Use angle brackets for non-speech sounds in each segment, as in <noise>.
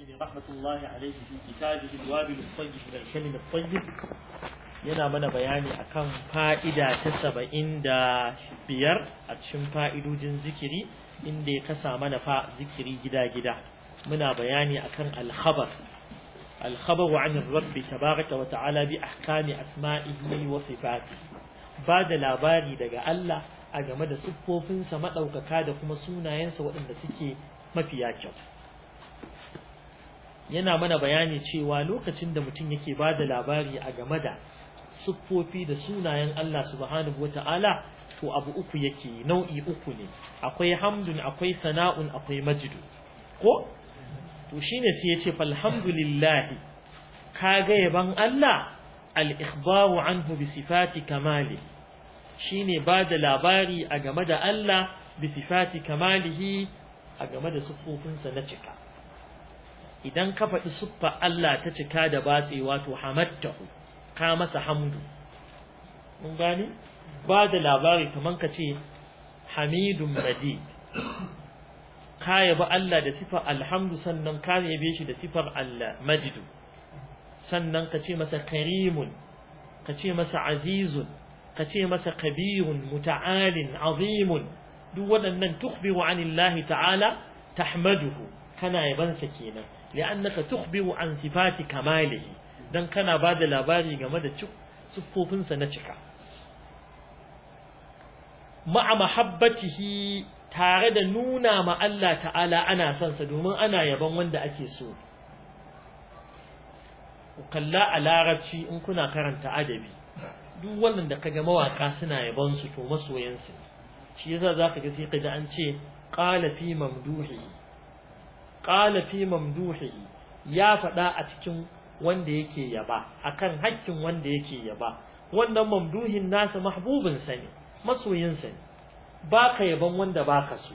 القيم رحمة الله عليه في كتابه الوابل من الطيب yana mana bayani akan fa'ida ta saba'in da biyar a cikin fa'idojin zikiri inda ya kasa mana fa zikiri gida-gida muna bayani akan alhabar alhabar wa anin rabbi tabaraka wa wata'ala bi ahkami asma'ihi wa sifati ba da labari daga Allah a game da siffofinsa maɗaukaka da kuma sunayensa waɗanda suke mafiya kyau yana mana bayani cewa lokacin da mutum yake ba da labari a game da siffofi da sunayen Allah subhanahu wa ta'ala to abu uku yake nau'i uku ne akwai hamdun akwai sana'un akwai majidu ko to shine sai yace falhamdulillah kaga yaban Allah al-ikhbaru anhu bi sifati kamali shine da labari a game da Allah bi sifati kamalihi a game da siffofinsa na cika idan ka faɗi siffa Allah ta cika da batse wato hamattahu ka masa hamdu mun ba da labari kamar ka ce hamidun Madi. ka yabi Allah da sifar alhamdu sannan ka yabe shi da sifar Allah majidu sannan ka ce masa karimun ka ce masa azizun ka ce masa kabirun muta'alin azimun duk waɗannan tukbiru anillahi ta'ala tahmaduhu kana yabansa kenan annaka tukhbiru an sifati kamalihi dan kana bada labari game da siffofinsa na cika ma'a mahabbatihi tare da nuna ma Allah ta'ala ana son sa domin ana yaban wanda ake so kalla a larabci in kuna karanta adabi duk wannan da kaga mawaka suna yabon su to masoyansu shi yasa zaka ga sai kaga an ce qala fi mamduhi qala fi mamduhi ya faɗa a cikin wanda yake yaba akan hakkin wanda yake yaba wannan mamduhin nasa mahbubin sa ne masoyin sa ne baka yaban wanda baka so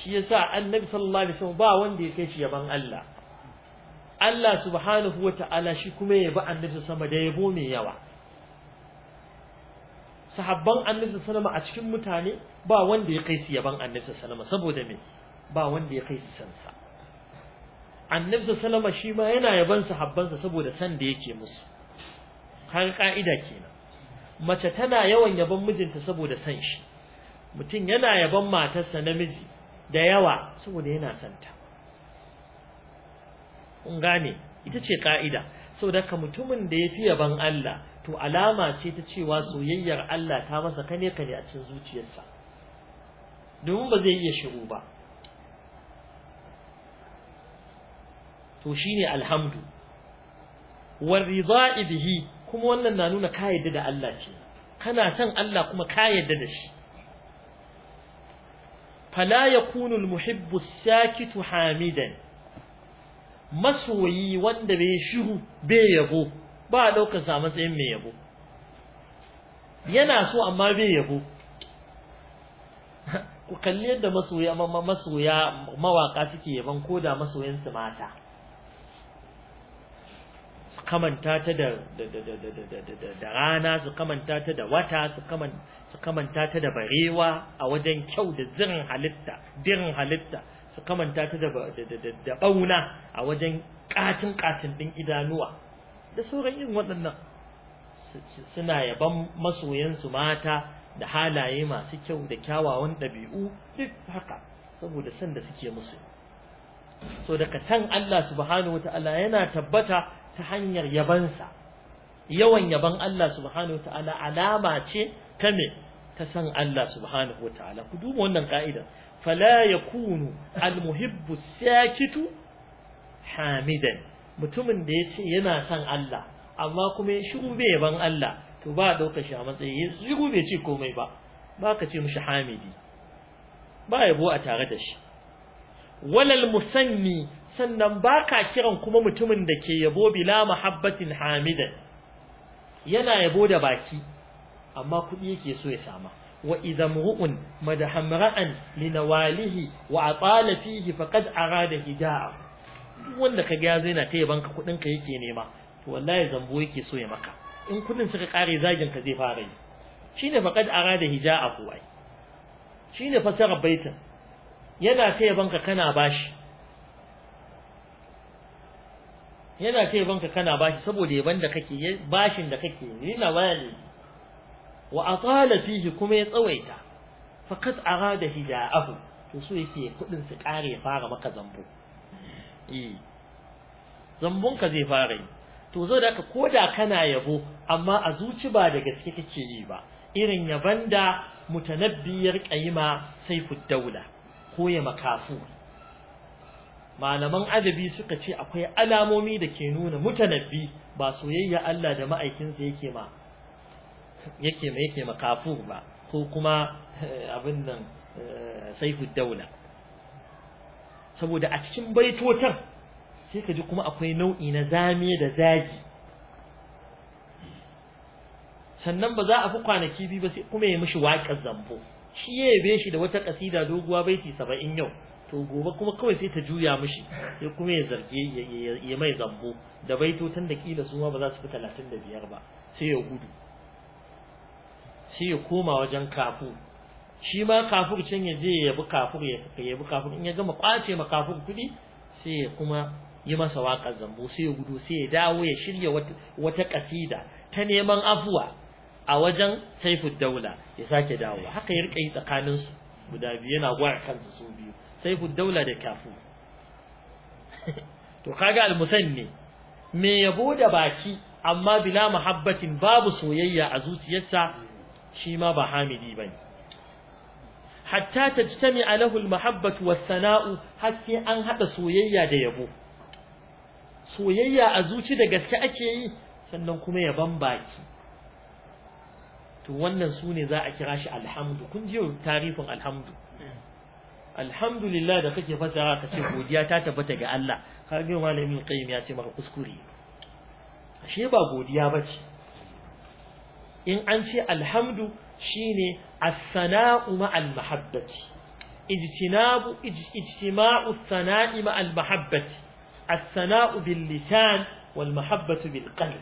shi yasa annabi sallallahu alaihi wasallam ba wanda ya kai shi yaban Allah Allah subhanahu wata'ala shi kuma yaba annabi sama da yabo mai yawa sahabban annabi wasallam a cikin mutane ba wanda ya kai shi yaban annabi wasallam saboda me ba wanda ya kai su san sa annabi sallama shi ma yana yaban sa saboda san da yake musu Har ka'ida kenan mace tana yawan yaban mijinta saboda san shi mutum yana yaban matarsa namiji da yawa saboda yana santa kun gane ita ce ka'ida saboda ka mutumin da ya fi yaban Allah to alama ce ta cewa soyayyar Allah ta masa kane kane a cikin zuciyarsa domin ba zai iya shiru ba to shine alhamdu war rida'i bihi kuma wannan na nuna ka yadda da Allah ce kana son Allah kuma ka yadda da shi fala yakunu almuhibbu sakitu hamidan masoyi wanda bai shiru bai yabo ba daukar sa matsayin mai yabo yana so amma bai yabo ku kalli yadda masoya masoya mawaka suke yaban koda masoyansu mata kamanta ta da da rana su kamanta ta da wata su kamanta ta da barewa a wajen kyau da zirin halitta dirin halitta su kamanta ta da ɓauna a wajen katin katin ɗin idanuwa da sauran yin waɗannan suna yaban masoyansu mata da halaye masu kyau da kyawawan ɗabi'u duk haka saboda son da suke musu so daga san Allah subhanahu wata'ala yana tabbata ta hanyar yabansa yawan yaban Allah subhanahu ta'ala alama ce ta me ta san Allah subhanahu ta'ala ku duba wannan ka'ida fala yakunu almuhibbu sakitu hamidan mutumin da yace yana san Allah amma kuma ya shiru bai yaban Allah to ba dauka shi a matsayi ya shiru bai ce komai ba ba ka ce mishi hamidi ba yabo a tare da shi walal musanni sannan ba ka kiran kuma mutumin da ke yabo bila mahabbatin hamidan yana yabo da baki amma kuɗi yake so ya sama wa idza mru'un madahamra'an linawalihi wa atala fihi faqad arada hida'a duk wanda kaga ya zaina ta yabanka kuɗin ka yake nema to wallahi zambo yake so ya maka in kuɗin suka kare zagin ka zai fara yi shine faqad arada hida'a kuwai shine fasara baitin yana ta yabanka kana bashi yana kai banka kana bashi saboda yaban da kake bashin da kake yana wani wa atala fihi kuma ya tsawaita fakat arada hida'ahu to so yake kudin su kare ya fara maka zambo eh zambon ka zai fara to zo da ka koda kana yabo amma a zuci ba da gaske kake yi ba irin yaban da mutanabbiyar qaima sai daula ko ya makafu malaman adabi suka ce akwai alamomi da ke nuna mutanabbi ba soyayya Allah da ma'aikinsa yake ma yake ma yake makafur ba ko kuma eh, abin nan eh, saifu daula saboda a cikin baitotan sai ka ji kuma akwai nau'i na zame da zagi sannan ba za a fi kwanaki biyu ba sai kuma ya mishi waƙar zambo shi ya yabe shi da wata ƙasida doguwa baiti saba'in yau to gobe kuma kawai sai ta juya mishi sai kuma ya zarge ya mai zambo da tun da kila su ma ba za su fi talatin da biyar ba sai ya gudu sai ya koma wajen kafu shi ma kafur can ya je ya bi kafur ya bi kafur in ya gama kwace ma kafur kuɗi sai ya kuma yi masa waƙar zambo sai ya gudu sai ya dawo ya shirya wata kasida ta neman afuwa a wajen saifu daula ya sake dawo. haka ya rika yi tsakaninsu guda biyu yana gwara kansu su biyu saifu daula da kafu <laughs> to kaga almusanni me yabo da baki amma bila muhabbatin babu soyayya a zuciyarsa shi ma ba hamidi bane hatta tajtami lahu almahabbatu wassana'u har sai an hada soyayya da yabo soyayya a zuci da gaske ake yi sannan kuma yaban baki to wannan sune za a kira shi alhamdu kun ji tarifin alhamdu alhamdulillah da kake fasa ka ce godiya ta tabbata ga Allah har ga malamin qayyim ya ce maka kuskure ashe ba godiya bace in an ce alhamdu shine as-sana'u ma'al mahabbati ijtinabu ijtima'u as-sana'i ma'al mahabbati as-sana'u bil lisan wal mahabbatu bil qalb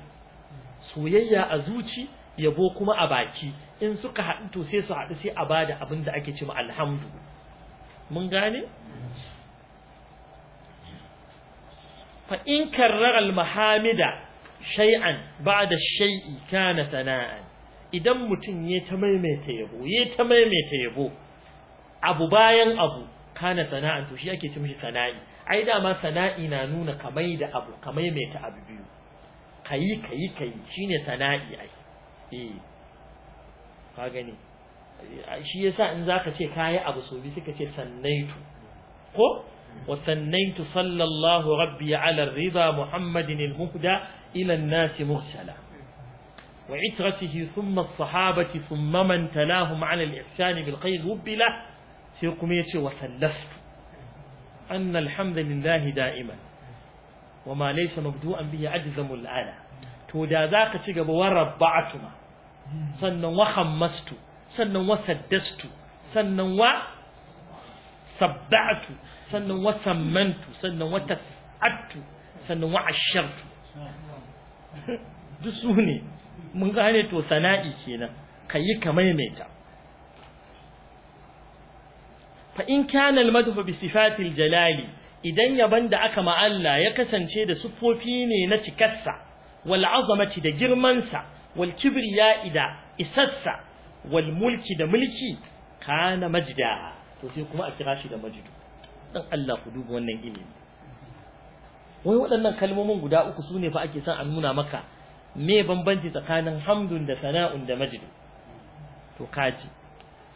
soyayya a zuci yabo kuma a baki in suka haɗu to sai su haɗu sai a bada abin da ake cewa alhamdu mun gane fa in karrara al-mahamida shay'an ba'da shay'i kana sana'an idan mutum ya ta maimaita yabo ya ta maimaita yabo abu bayan abu kana sana'a to shi ake cin sana'i ai dama sana'i na nuna kamai da abu kamai mai ta abu biyu kayi kayi kayi shine sana'i ai eh ka gani shi yasa in zaka ce kayi abu so bi suka ce sannaitu ko wa sannaitu sallallahu rabbi ala rida muhammadin al-muhda ila an-nas mursala wa itratihi thumma as-sahabati thumma man talahum ala al-ihsan bil sai kuma yace wa sallastu anna alhamdulillahi da'iman wa ma laysa mabdu'an bihi ajzamu al-ala to da zaka ci gaba wa rabba'atuma sannan wa khammastu sannan wa saddastu sannan wa sabba'tu sannan wa sammantu sannan wa tas'attu sannan wa ashartu duk su ne mun gane to sana'i kenan ka yi ka maimaita fa in kana al-madhu bi sifatil jalali idan yaban da aka ma ya kasance da sufofi ne na cikarsa wal azamati da girmansa wal kibriya ida isassa wal mulki da mulki kana majda to sai kuma a kira shi da majdu dan Allah ku duba wannan ilimi wai waɗannan kalmomin guda uku sune fa ake son a nuna maka me bambanci tsakanin hamdun da sana'un da majdu to kaji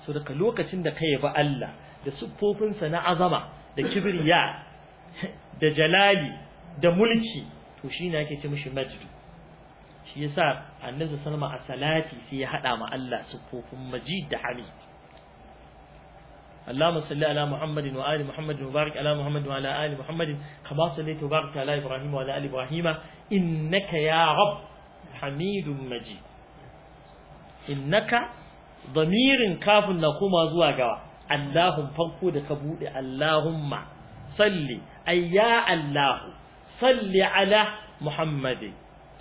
so daga lokacin da kai ba Allah da siffofin na azama da kibriya da jalali da mulki to shine ake ce mishi majidu. shi yasa annabi sallama a salati sai ya hada ma Allah sufofin majid da hamid اللهم صل على محمد وآل محمد وبارك على محمد وعلى آل محمد كما صليت وبارك على إبراهيم وعلى آل إبراهيم إنك يا رب حميد مجيد إنك ضمير كاف نقوم زوا جوا اللهم فقود كبود اللهم صلي أي يا الله صلي على محمد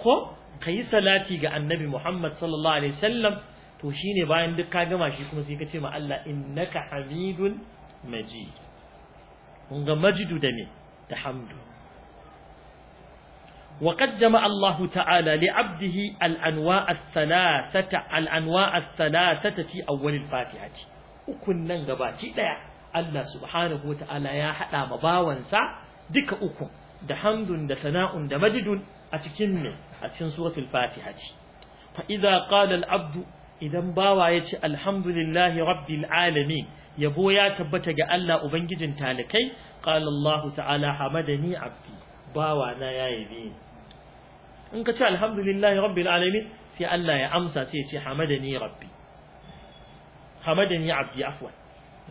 ko ka yi salati ga annabi Muhammad sallallahu alaihi wasallam to shine bayan duk ka gama shi kuma sai ka ce ma Allah innaka hamidun majid kun ga majidu da me da hamdu wa qaddama Allah ta'ala li 'abdihi al-anwa' ath-thalathata al-anwa' ath-thalathata fi awwal al-Fatiha ukun nan ci daya Allah subhanahu wa ta'ala ya hada ma bawansa duka uku da hamdun da sana'un da majidun a cikin me a cikin suratul fatiha ce fa idza qala al-abdu idan bawa ya ce alhamdulillahi rabbil alamin yabo ya tabbata ga Allah ubangijin talakai, qala Allah ta'ala hamadani abdi bawa na ya yabe in ka ce alhamdulillahi rabbil alamin sai Allah ya amsa sai ya ce hamadani rabbi hamadani abdi afwan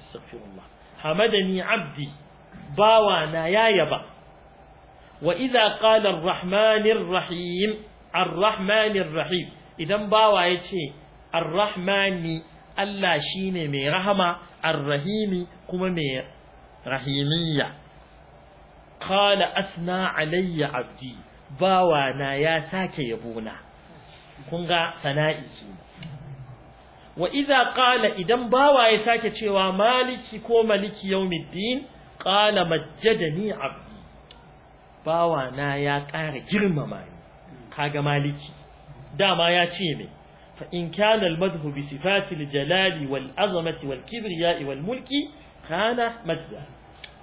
astaghfirullah hamadani abdi bawa na ya yaba wa idza qala ar-rahmanir rahim rahim idan bawa yace ar-rahmani Allah shine mai rahama ar-rahimi kuma mai rahimiyya qala asna alayya abdi bawa na ya sake yabona kunga ga sana'i wa idza qala idan bawa ya sake cewa maliki ko maliki yawmiddin qala majjadani abdi bawa na ya ƙara girmama ni kaga maliki dama ya ce me fa in kana al madhu bi sifati al jalali wal azamati wal kibriya wal mulki kana madda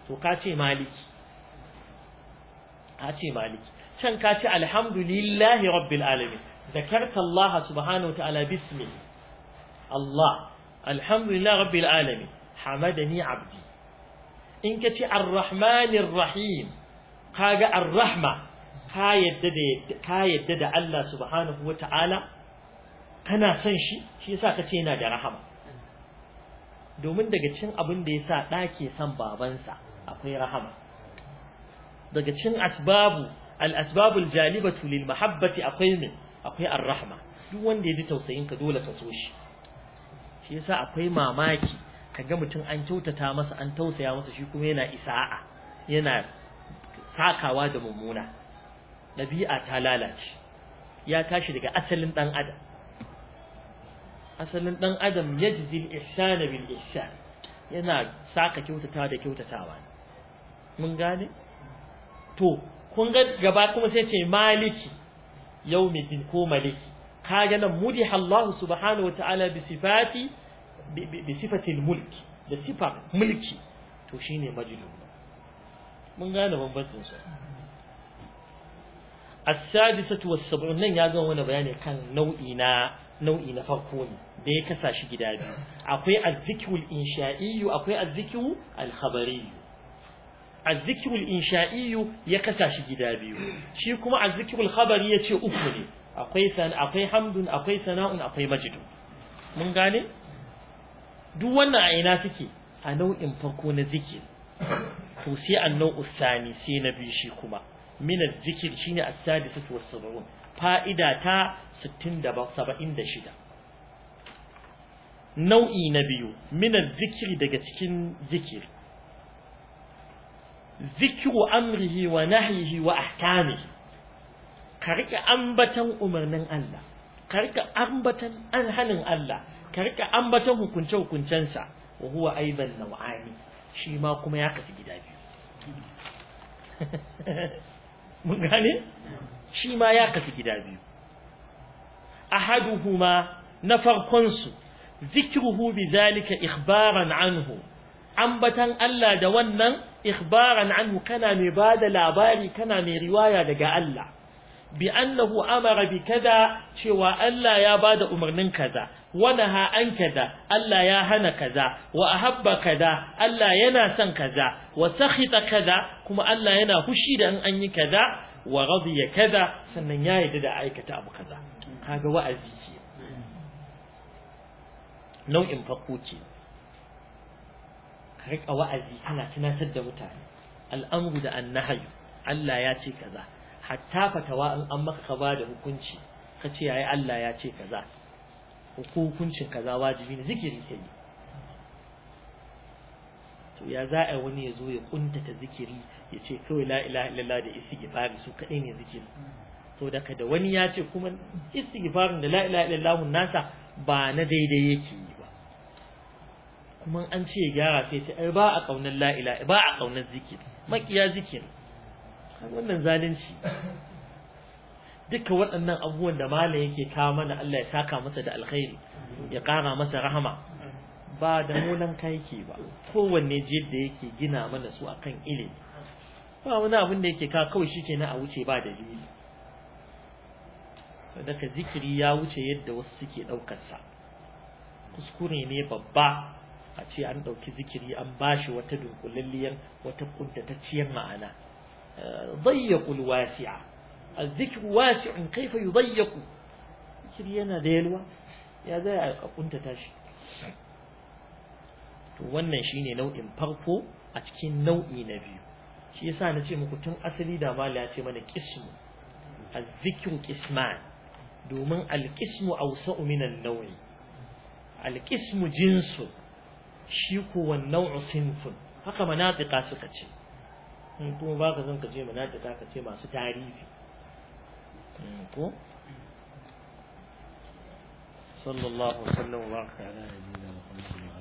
to ka ce maliki ka ce maliki can ka ce alhamdulillahi rabbil alamin ذكرت الله سبحانه وتعالى باسمه الله الحمد لله رب العالمين حمدني عبدي إن الرحمن الرحيم kaga ar-rahma ka yadda da ka yadda da Allah subhanahu wata'ala kana son shi shi yasa kace yana da rahama domin daga cin abin da yasa da ke son babansa akwai rahama daga cin asbabu al asbab al-jalibatu lil mahabbati akwai min akwai ar-rahma duk wanda ya ji tausayin ka dole ka so shi shi yasa akwai mamaki kaga mutum an kyautata masa an tausaya masa shi kuma yana isa'a yana sakawa da mummuna ɗabi'a ta lalace ya tashi daga asalin ɗan adam asalin ɗan adam yajzi al-ihsana bil ihsan yana saka kyautatawa da kyautatawa mun gane to kun ga gaba kuma sai ce maliki yawmiddin ko maliki kaga nan mudi Allah subhanahu wataala bi sifati bi sifatil mulki da sifar mulki to shine majnun mun gane bambancin su as-sadisatu was-sab'un nan ya gama wani bayani kan nau'i na nau'i na farko ne da ya kasa shi gida biyu akwai az-zikrul insha'i akwai az-zikru al-khabari az-zikrul insha'i ya kasa shi gida biyu shi kuma az-zikrul khabari yace uku ne akwai san akwai hamdun akwai sana'un akwai majdu mun gane duk wannan a ina suke a nau'in farko na zikiri to sai annau sai na bi shi kuma min az-zikr shine as-sadisatu was-sab'un fa'ida ta 67 nau'i na biyu min az daga cikin zikir zikru amrihi wa nahyihi wa ahkamihi ka ambatan umarnin Allah ka ambatan alhanin Allah ka rike ambatan hukunce hukuncensa wa huwa aidan naw'ani shi ma kuma ya kasu gida biyu <laughs> mun gane shi ma ya kasu gida biyu ahaduhuma na farkon su zikruhu zalika ikhbaran anhu ambatan Allah da wannan ikhbaran anhu kana mai bada labari kana mai riwaya daga Allah bi annahu amara bi kaza cewa Allah ya bada umarnin kaza Wani naha an kaza Allah ya hana kaza wa habba kaza Allah yana son kaza wa sakhita kaza kuma Allah yana fushi da in an yi kaza wa ya kaza sannan ya yarda da aikata abu kaza kaga wa'azi ce nau'in farko ce ka riƙa wa'azi kana tunatar da mutane al'amru da annahyu Allah ya ce kaza hatta fatawa in an maka ka da hukunci ka ce yayi Allah ya ce kaza hukuncin kaza wajibi ne zikiri kai to ya za a wani ya zo ya kuntata zikiri ya ce kawai la ilaha illallah da istighfari su kadai ne zikiri so daga da wani ya ce kuma istighfarin da la ilaha illallah nasa ba na daidai yake yi ba kuma an ce ya gyara sai ta ai ba a kaunar la ilaha ba a kaunar zikiri makiya zikiri wannan zalunci duka waɗannan abubuwan da malam yake kawo mana Allah ya saka masa da alkhairi ya ƙara masa rahama ba da munan kaiki ba kowanne jiyar da yake gina mana su akan ilimi ba wani abin da yake kawo kawai shike na a wuce ba da dalili daga zikiri ya wuce yadda wasu suke ɗaukarsa kuskure ne babba a ce an ɗauki zikiri an bashi wata dunkulalliyar wata kuntatacciyar ma'ana eh, ya wasi'a الذكر واسع كيف يضيق ذكر yana da yalwa ya za a wannan shine nau'in farko a cikin nau'i na biyu shi yasa na ce muku tun asali da mali ya ce mana qismu الذكر qisman domin alƙismu ausa'u min nau'i alƙismu jinsu shi kuwa nau'u sinfun haka manatiqa suka ce kuma ba ka zan je manatiqa ka ce masu tarihi ko sallallahu alaihi wa sallam wa ala nabiyina muhammad